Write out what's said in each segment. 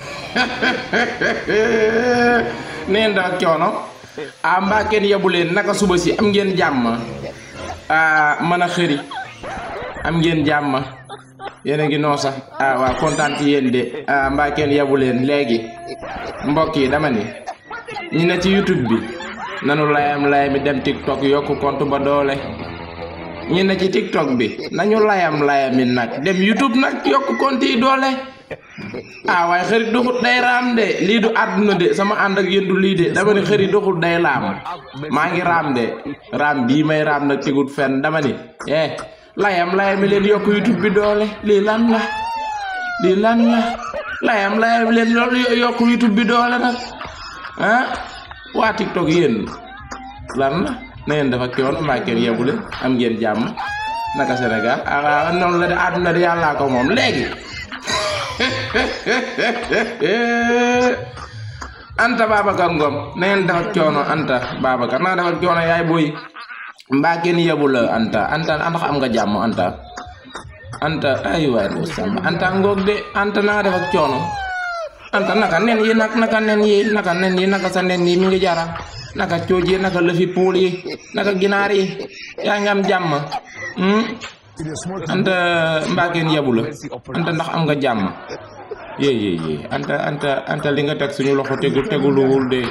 neen daal coono ah mbaa kenn leen naka suba si am ngeen jàmm ah mën a xëri am ngeen jàmma yéen a ngi noo sax ah waaw kontaan ci yéen de ah mbaa kenn leen léegi mbokk yi dama ni ñi ne ci YouTube bi nanu layam layami dem TikTok yokku compte ba doole ñi ne ci TikTok bi nañu layam layami nag dem YouTube nag yokku compte doole. ah waaye xëri doxul day raam de lii du àdduna de sama ànd ak yéen lii de dama ni xëri doxul day laam maa ngi raam de raam bii may raam nag tegut fenn dama ni eh layam layam leen yokk YouTube bi doole nag ah waa TikTok yéen lan la na ngeen dafa kiwoon mbaa kenn yebu leen am ngeen jàmm naka Sénégal ah noonu la de àdduna de yàllaa ko moom léegi Anta Babacar Ngom na ngeen defar coono Anta Babacar na nga defar coono yaay booy mbaa kenn yebu la Anta Anta ndax am nga jàmm Anta ay waay bu sàmm Anta ngoog de Anta na nga coono Anta naka nen yi nag naka nen yi naka sa nen yi mi ngi jara naka cooj naka lëfi puul naka ginaar yi yaa ngi am hmm? anta mbagen dia anta anda nak nga jam ye ye ye anda anda anta li nga teg suñu loxo tegu teguluwul de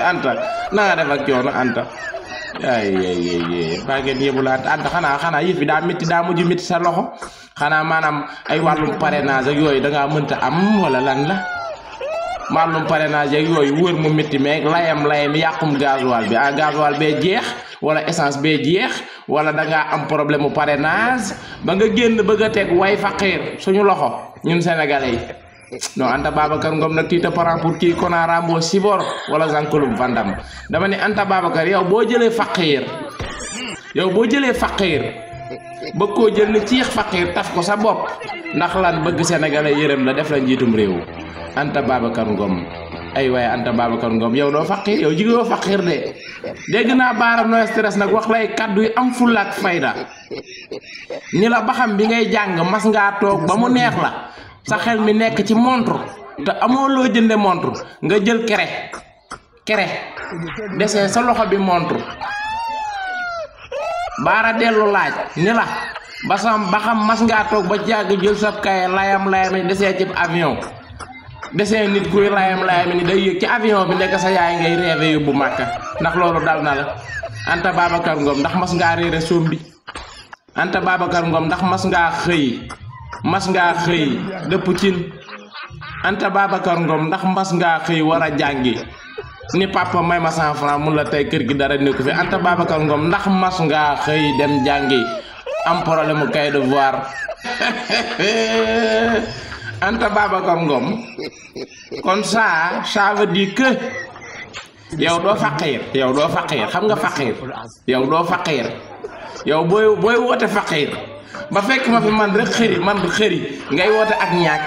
anta na nga def ak coono anta ay ay ay ay mbagen yabula anta anta xanaa xanaa yëf yi mana métti daa mujj métti sa loxo xanaa maanaam ay walu parrainage ak yooyu da ngaa am wala lan la malum parrainage ak yooyu wër mu métti meeg layam layam yakum gasoil bi ah gasoil wala essence be jeex wala da nga am problème parrainage ba nga genn bëgg tek way faqir suñu loxo ñun sénégalais no anta babakar ngom nag tiita parent pour ki kona rambo sibor wala zankulum vandam dama ni anta babakar yow bo jëlé faqir yow bo jëlé faqir ba ko jël ni ciix faqir taf ko sa bop ndax lan bëgg sénégalais yërem la def la jitum réew anta babakar ngom ay waaye Anta Babacar yow doo faqir yow jigéen faqir de dégg naa baaram no stress nag wax lay kàddu yi am fulla ak fayda ni la baxam bi ngay jàng mas ngaa toog ba mu neex la sa xel mi nekk ci montre te amoo loo jënde montre nga jël kere kere desee sa loxo bi montre baara dellu laaj ni la ba sam baxam mas ngaa toog ba jàgg jël sa kaye layam layam desee ci avion desee nit kuy layam layam ni day yek ci avion bi nek sa yaay ngay yu bu makka ndax lolu dal na la anta babakar ngom ndax mas nga rere sombi anta babakar ngom ndax mas nga xey mas nga xey dëpp cin anta babakar ngom ndax mas nga xey wara jangi ni papa may ma 100 francs mun la tay keur gi dara fi anta babakar ngom ndax mas nga xey dem jangi am problème mu kay devoir Anta Babacar Ngom kon ça ça veut dire doo faqiir yow doo faqiir xam nga faqiir yow doo faqiir yow booy booy woote faqiir ba fekk ma fi man rek xëri man xëri ngay woote ak ñàkk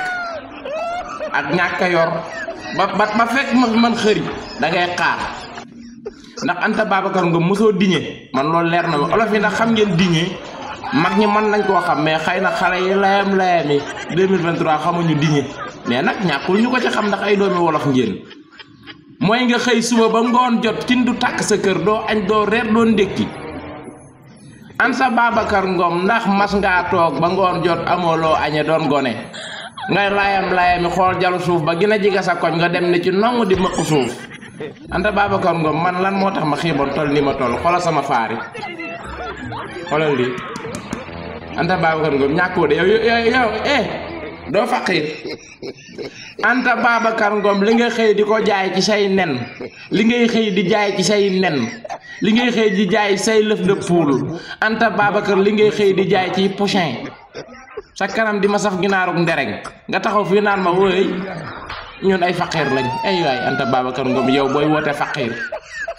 ak ñàkk yor ba ba fekk ma fi man xëri da ngay xaar ndax Anta Babacar Ngom mosoo diñe man loolu leer na ma olof yi ndax xam ngeen diñe mag ñi man lañ koo xam mais xay na xale yi layam layam yi 2023 xamuñu diñe mais nag ñàkkul ñu ko ci xam ndax ay doomi wolox ngeen mooy nga xëy suba ba ngoon jot kin du tàkk sa kër doo añ doo reer doo ndékki an sa Babacar Ngom ndax mas ngaa toog ba ngoon jot amooloo loo añe doon gone ngay layam layami xool jalu suuf ba gën a jiga sa koñ nga dem ne ci nongu di mëkk suuf anta Babacar Ngom man lan moo tax ma xiiboon toll nii ma toll xoolal sama faari Anta Babacar Ngom ñàkkoo de yow yow eh doo faqiir Anta Babacar Ngom li nga xëy di ko jaay ci say nen li ngay xëy di jaay ci say nen li ngay xëy di jaay say lëf de poule Anta Babacar li ngay xëy di jaay ci pochin sa kanam di ma saf ginaarug ndereng nga taxaw fii naan ma wooy ñun ay faqiir lañ ay waay Anta Babacar Ngom yow booy woote faqiir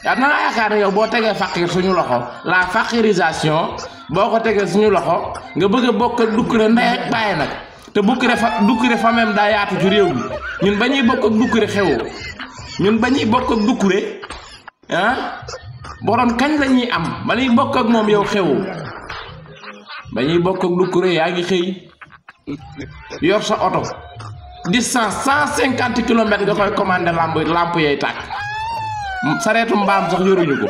yaa na nga yaakaar ne yow boo tegee faqiir suñu loxo la faqirisation boo ko tegee suñu loxo nga bëgg a bokk ak dukkure ndey ak bàyyi nag te bukkure fa dukkure fa même daa yaatu ci réew mi ñun ba ñuy bokk ak dukkure xewoo ñun ba ñuy bokk ak dukkure ah borom kañ la ñuy am ba ñuy bokk ak moom yow xewoo ba ñuy bokk ak dukkure yaa ngi xëy yor sa oto distance cent cinquante kilomètres nga koy commandé lamp làmp yay tàkk sareetu mbaam sax yoruñu ko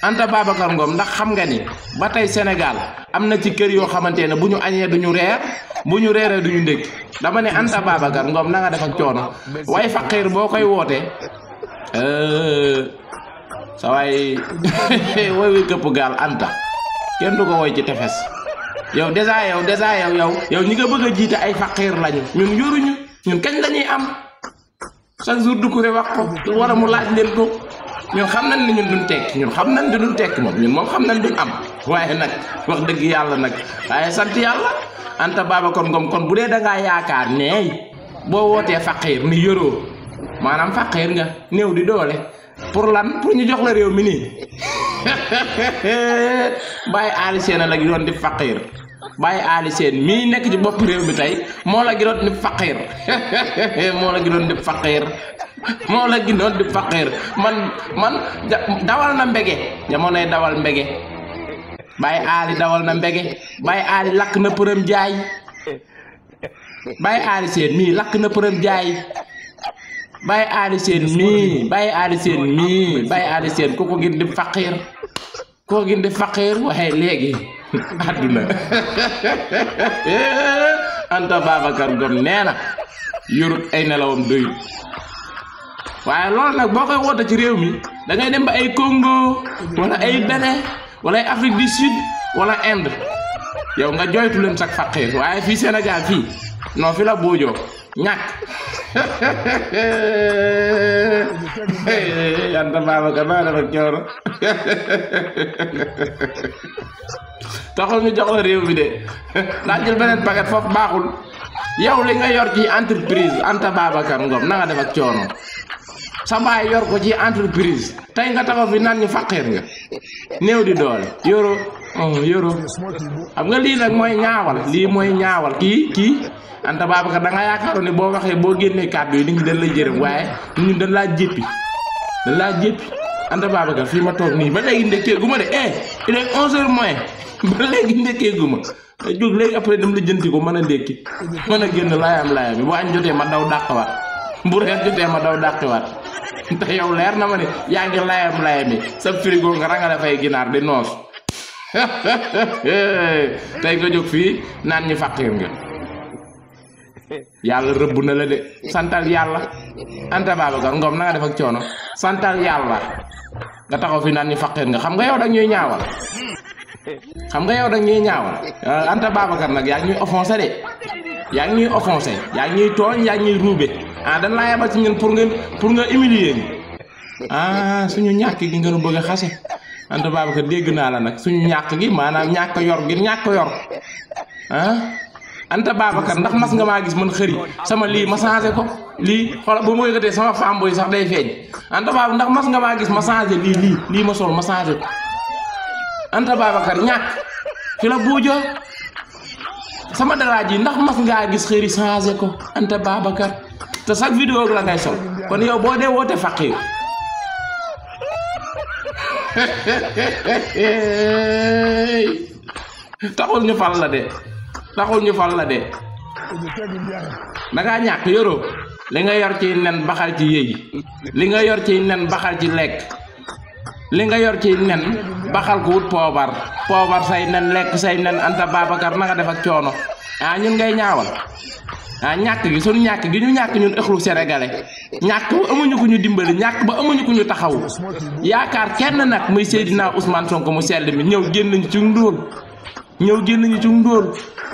Anta Babacar ngoom ndax xam nga ni ba tey Sénégal am na ci kër yoo xamante ne bu ñu añee du ñu reer bu ñu reeree du ñu dama ne Anta Babacar ngoom na defak def ak coono waaye faqiir boo koy wootee euh, sa waay woy wi këpp gaal Anta kenn du ko woy ci tefes yow dèjà yow dèjà yow yow ñi nga bëgg a jiite ay faqiir lañu ñun yoruñu ñun kañ lañuy am chaque jour du ko wax ko wala laaj leen ko. ñun xam nañ ni ñun duñ tekki ñun xam nañ duñ tekki mom ñun moom xam nañ duñ am waye nak wax deug yalla nak waye sant yalla anta baba kon ngom kon bu dee da nga yaakar ne bo wote faqir ni yoro manam faqir nga new di doole pour lan pour ñu jox la rew mi nii bàyyi aalisee na nag yon di faqir bàyyi aali seen mii nekk ci bopp réew mi tey moo la gënoon di faqiir moo la gënoon di faqiir moo la gënoon faqiir man dawal na mbege jamonoy dawal mbege bàyyi aali dawal na mbege bàyyi aali lakk na përëm jaay bàyyi aali seen mii lakk na përëm jaay bàyyi aali seen mii bàyyi aali seen mii bàyyi aali faqiir ku ko gën faqiir waxee léegi àdduna Anta Babacar Ngom nee na yorut ay nelawam doyul waaye loolu nag boo koy woote ci réew mi dangay dem ba ay Congo wala ay Bénin wala ay Afrique du Sud wala Inde yow nga joytu leen sax faqir waaye fii Sénégal fii non fi la boojoo ñàkk anta Babacar maa taxul ñu jox la réew mi de laa jël beneen paquet foofu baaxul yow li nga yor ci entreprise anta Babacar Ngom na nga def coono sa yor ko ci entreprise tey nga taxaw fi naan ñu faqeer nga néew di doole yoro Oh, yoro xam nga lii nag mooy ñaawal lii mooy ñaawal kii kii Anta Babacar da nga yaakaaroon ne boo waxee boo génnee kàddu yi nit ñi dañ lay jërëm waaye ñun dañ laa jéppi da laa jéppi Anta Babacar fii ma toog nii ba léegi ndekkee gu ma de eh il est onze heures moins ba léegi ndekkee gu ma eh, jóg léegi après dem la jënti ko mën a ndékki mën a génn laayam laayam bi bu añ jotee ma daw dàqwaat bu reer jotee ma daw dàqwaat te yow leer na ma ne yaa ngi laayam laayam bi sa frigo nga rangale fay ginaar di noos tay nga jog fi nan ñu fàqir nga yalla rëbb na la de santal yalla anta ga ngom na nga def ak ciono santal yalla nga taxaw fi nan ñu fàqir nga xam nga yow dag ñuy ñaawal xam nga yow dag ñuy ñaawal euh, anta ga nak yaa ñuy offenser de yaa ñuy offenser yaa ñuy toñ yaa ñuy roubé ah dañ la yaba ci ñun pour ngeen pour nga humilier ah suñu ñak gi nga nu bëgg xasse baba Babacar deg na la nak suñu ñak gi manam ñak yor gi ñak yor ah Anta ka ndax mas nga ma gis man xëri sama li ma changé ko li xol bu ma yëkkatee sama fanboy boy sax day feeñ Anta baba ndax mas nga ma gis ma li li li lii ma sol ma changé ko Anta Babacar fi la sama darajin nak ndax mas nggak gis xëri changé ko Anta Babacar te chaque vidéo la ngay sol kon yow bo dé wote taxul ñu fal la de taxul ñu fal la de da ñàkk yoroo li nga yor ci nen baxal ci yéey li nga yor ci nen baxal ci lekk li nga yor ci nen baxal ko wut poobar poobar say nen lekk say nen Anta Babacar na def ak coono ah ñun ngay ñaawal ah ñàkk gi suñu ñak gi ñu ñak ñun ëxlu sénégalais ñak ba amuñu ko ñu dimbali ñak ba amuñu ko ñu taxaw yaakar kenn nak muy sayidina ousmane sonko mu sel mi ñew genn ñu ci ndóol ñew genn ñu ci ndóol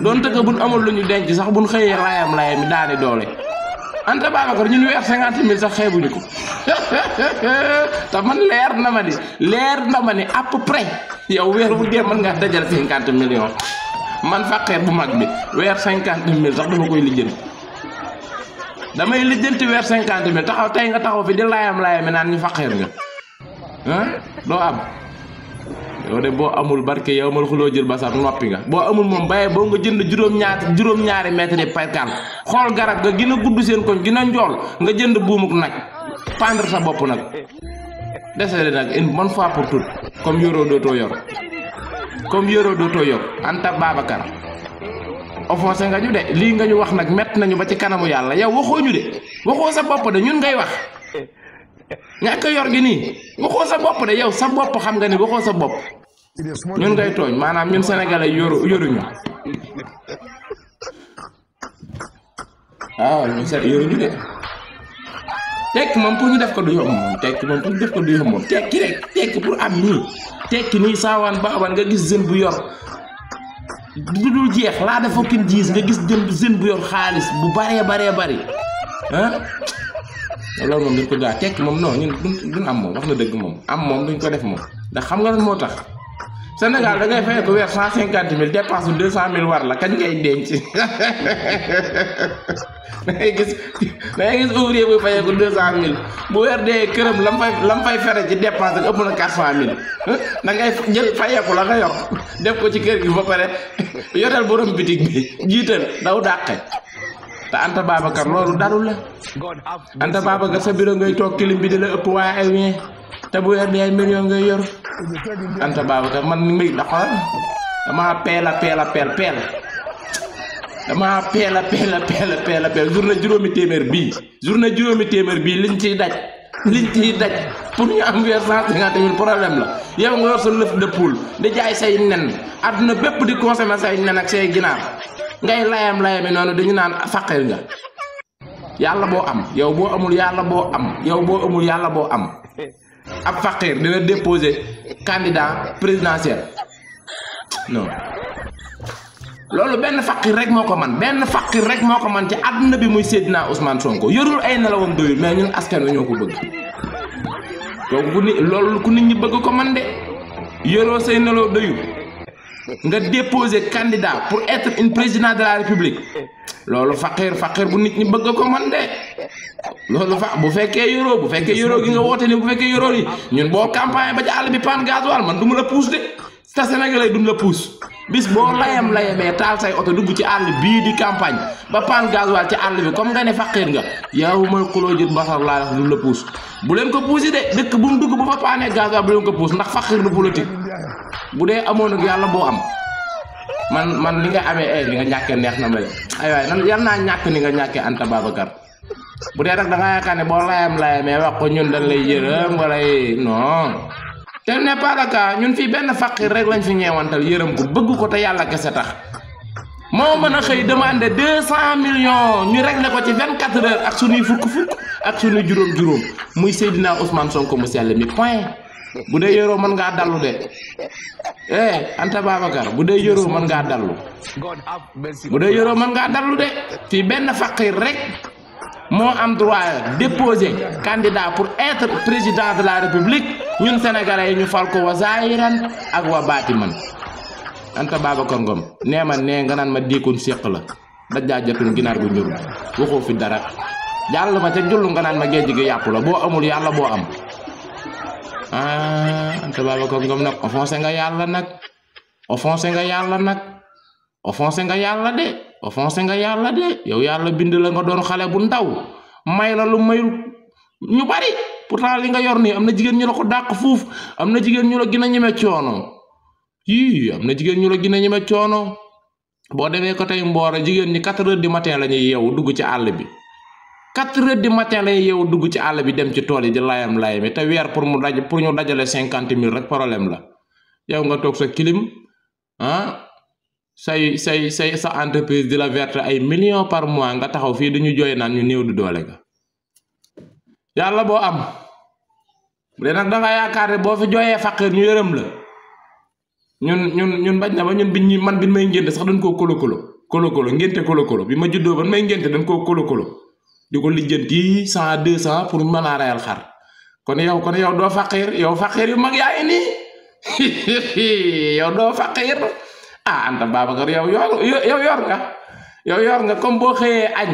donte que buñ amul lu ñu denc sax buñ xëyee layam layam daani doole anta baba ko ñu wéx 50000 sax xeebuñu ko ta man leer na ma ni leer na ma ni à peu près yow wéx bu dem man nga dajal 50 millions man faqeer bu mag bi wer 50000 sax dama koy lijeent damay lijeent wer 50000 taxaw tay nga taxaw fi di layam layam nan ñu faqeer nga hein do am yow de bo amul barke yow mal xulo jël basar noppi nga bo amul mom baye bo nga jënd juróom ñaat juróom-ñaari mètre de perkal xol garab ga gina a gudd seen koñ gina ndjol nga jënd buumuk nak pandre sa bop nak dese nak une bonne fois pour tout comme yoroo dootoo yor comme yoro doto yor anta babakar offensé nga ñu de li nga ñu wax nak met nañu ba ci kanamu yalla yow waxo ñu de waxo sa bop de ñun ngay wax ñaka yor gi ni waxo sa bop de yow sa bop xam nga ni waxo sa bop ñun ngay togn manam ñun sénégalais yoru yoru ñu ah ñu sa yoru ñu de tek mom pour ñu def ko du yom tek mom pour def ko du yom tek rek tek pour am ni tekki nii saawaan ba awan nga gis jeune bu yor du dul jeex laa dafa fokki jiis nga gis jën jeune bu yor xaalis bu baree baree bari ah loolu moom duñ ko gaa tekki moom non ñun duñ am moom wax na dëgg moom am moom duñ ko def moom ndax xam nga lan moo tax Sénégal da ngay fay weer cent cinquante mille dépense deux cent mille war la kañ ngay denc da ngay gis da ngay gis ouvrier deux cent mille bu weer dee këram lam fay lam fay fere ci dépense ak ëpp na quatre cent mille da ngay jël fayeeku la nga yor def ko ci kër gi ba pare yotal borom bitig bi jiital daw dàqe te Anta Babacar loolu daru la Anta Babacar sa bureau ngay toog kilim bi di ëpp waaye ay te bu yor bi million nga yor anta babacar man mi la xool dama peel peel peel peel dama peel peel peel peel peel jurna juromi téeméer bi jurna juromi téeméer bi liñ ci daj liñ ci daj pour ñu am weer cent cinquante mille problème la yow nga yor sa leuf de poule di jaay say nen aduna bépp di consommer say nen ak say ginaar ngay layam layami nonu dañu naan faqir nga yalla bo am yow bo amul yalla bo am yow bo amul yalla bo am ab Fakir de déposer candidat présidentiel non ce ben fakir rek moko man rek Ousmane Sonko ay mais ñun askan bëgg donc ku ku nit ñi bëgg ko man de déposer candidat pour être une président de la république lolo, fakir fakir bu nit loolu fa bu fekke euro bu fekke euro gi nga wote ni bu fekke euro ni ñun bo campagne ba ci all bi pan gasoil man duma la pousse de sta sénégalais duma la pousse bis bo layam layamee tal say auto dugg ci all bi di campagne ba pan gasoil ci all bi comme nga ne faqir nga yow mooy xuloo jët basar laa wax duma la pousse bu len ko pousse de dekk bu mu dugg bu fa pané gasoil bu len ko pousse ndax faqir du politique bu dee amono ak yàlla am man man li nga amé ay eh, li nga ñaké neex na ma ay way nan yalla na ñak ni nga ñaké Anta babakar bu dee nag da nga yaakaar ne boo layam layamee wax ko ñun dañ lay yërëm wala non tel n'est pas le cas ñun fii benn faqir rek lañ fi ñeewantal yërëm ko bëgg ko te yàlla kese tax moo mën a xëy demandé deux cent millions ñu réglé ko ci vingt quatre heures ak suñuy fukk fukk ak suñuy juróom juróom muy Seydina Ousmane Sonko mu sell mi point bu dee yoroo mën ngaa dallu de eh Anta Babacar bu dee yoroo mën ngaa dallu bu dee yoroo mën ngaa dallu de fii benn faq mo am droit déposer candidat pour être président de la république ñun sénégalais ñu fal ko wa ak wa batiman anta babacar ngom néma né nga nan ma dékun sékk la da jaajatul ginar gu ñur waxo fi dara yalla ma ca jullu nga nan ma gëj gi yàpp la bo amul yalla bo am ah anta babacar ngom nak offense nga yalla nak offense nga yalla nak offense nga yalla de offensé nga yàlla de yow yàlla bind la nga doon xale bu ndaw may la lu mayul ñu bari pourtant li nga yor nii am na jigéen ñu la ko dàq fuuf am na jigéen ñu la gën a ñeme coono yii am na jigéen ñu la gën a ñeme coono boo demee ko tey mboora jigéen ñi quatre heures du matin la ñuy yeewu dugg ci àll bi quatre heures du matin la ñuy yeewu dugg ci àll bi dem ci tool yi di layam layami te weer pour mu daj pour ñu dajale cinquante mille rek problème la yow nga toog sa kilim ah, say say say sa entreprise de la verte ay million par mois nga taxaw fi dañu joy nan ñu néew du doole ga yalla bo am bu nak da nga yaakar bo fi jooyee fàqir ñu yërëm la ñun ñun ñun bañ na ba ñun biñ man biñ may ngënd sax dañ ko kolo kolo kolo kolo ngënte kolo kolo bi ma juddoo ban may ngënte dañ ko kolo kolo diko lijeenti 100 200 pour mën a xar kon yow kon yow do fàqir yow fàqir yu mag yaa ngi nii yow doo fàqir ah Anta Babacar yow yor yow yor nga yow yor nga comme boo xëyee añ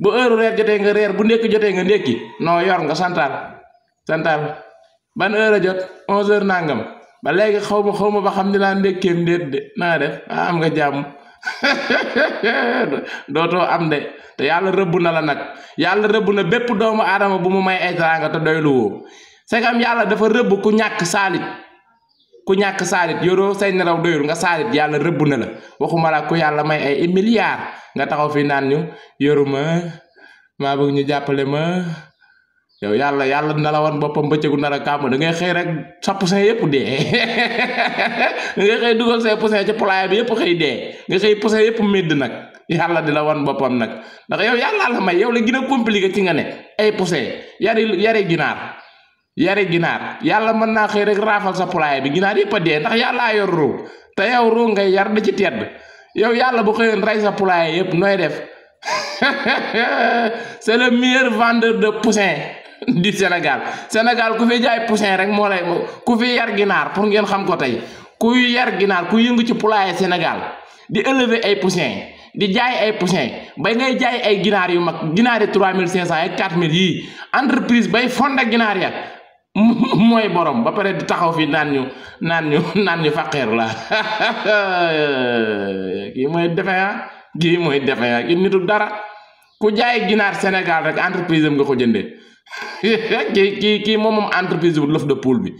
bu heure reer jotee nga reer bu ndekki jotee nga ndekki noo yor nga santaal santaal ban heure a jot onze heures nangam ba léegi xaw ma xaw ma ba xam ni laa ndekkeem déet de naa def ah am nga jàmm dootoo am de te yàlla rëbb na la nag yàlla rëbb na bépp doomu aadama bu mu may ay teraanga te doylu woo yàlla dafa rëbb ku ñàkk saalit ku ñak salit yoro say nelaw doyul nga salit yalla rëbb na la waxuma la ku yalla may ay milliards nga taxaw fi nan ñu yoruma ma bëgg ñu jappalé ma yow yalla yalla na la wan bopam bëccëgu na a kàmm da ngay xey rek sa poussin yépp dé da ngay xëy dugal say poussin ci plaay bi yépp xey dé nga xey poussin yépp medd nak yalla di la wan boppam ndax yow yalla la may yow la gina compliqué ci nga ne ay poussin yari yari ginaar yari ginaar yàlla mën naa xëy rek raafal sa poulailler bi ginaar yi a ndax yàllaa yor ruu te yow ruu ngay yar da ci tedd yow yàlla bu xëyoon rey sa poulailler yëpp nooy def c'est le meilleur vendeur de poussin du Sénégal Sénégal ku fi jaay rek moo lay ku yar ginaar pour ngeen xam ko tey ku yar ginaar ku yëngu ci poulailler Sénégal di élever ay poussin di jaay ay poussin bay ngay jaay ay ginaar yu mag ginaar yi 3500 ak 4000 yii entreprise bay fonde ginaar ya moy borom ba pare di taxaw fi nan ñu nan ñu nan ñu faqir la kii moy defé ya gi moy defé ya gi nitu dara ku jaay ginar sénégal rek entreprise nga ko jënde ki ki ki mom mom entreprise bu leuf de pool bi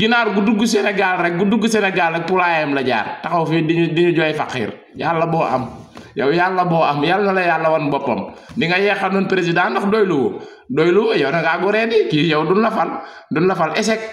ginar gu dugg sénégal rek gu dugg sénégal rek poulayam la jaar taxaw fi di ñu di faqir yalla bo am yow yàlla boo am yàlla la yàlla wan boppam di nga yeexal noonu président ndax doylu doylu yow na ngaa goree di kii yow duñ la fal duñ la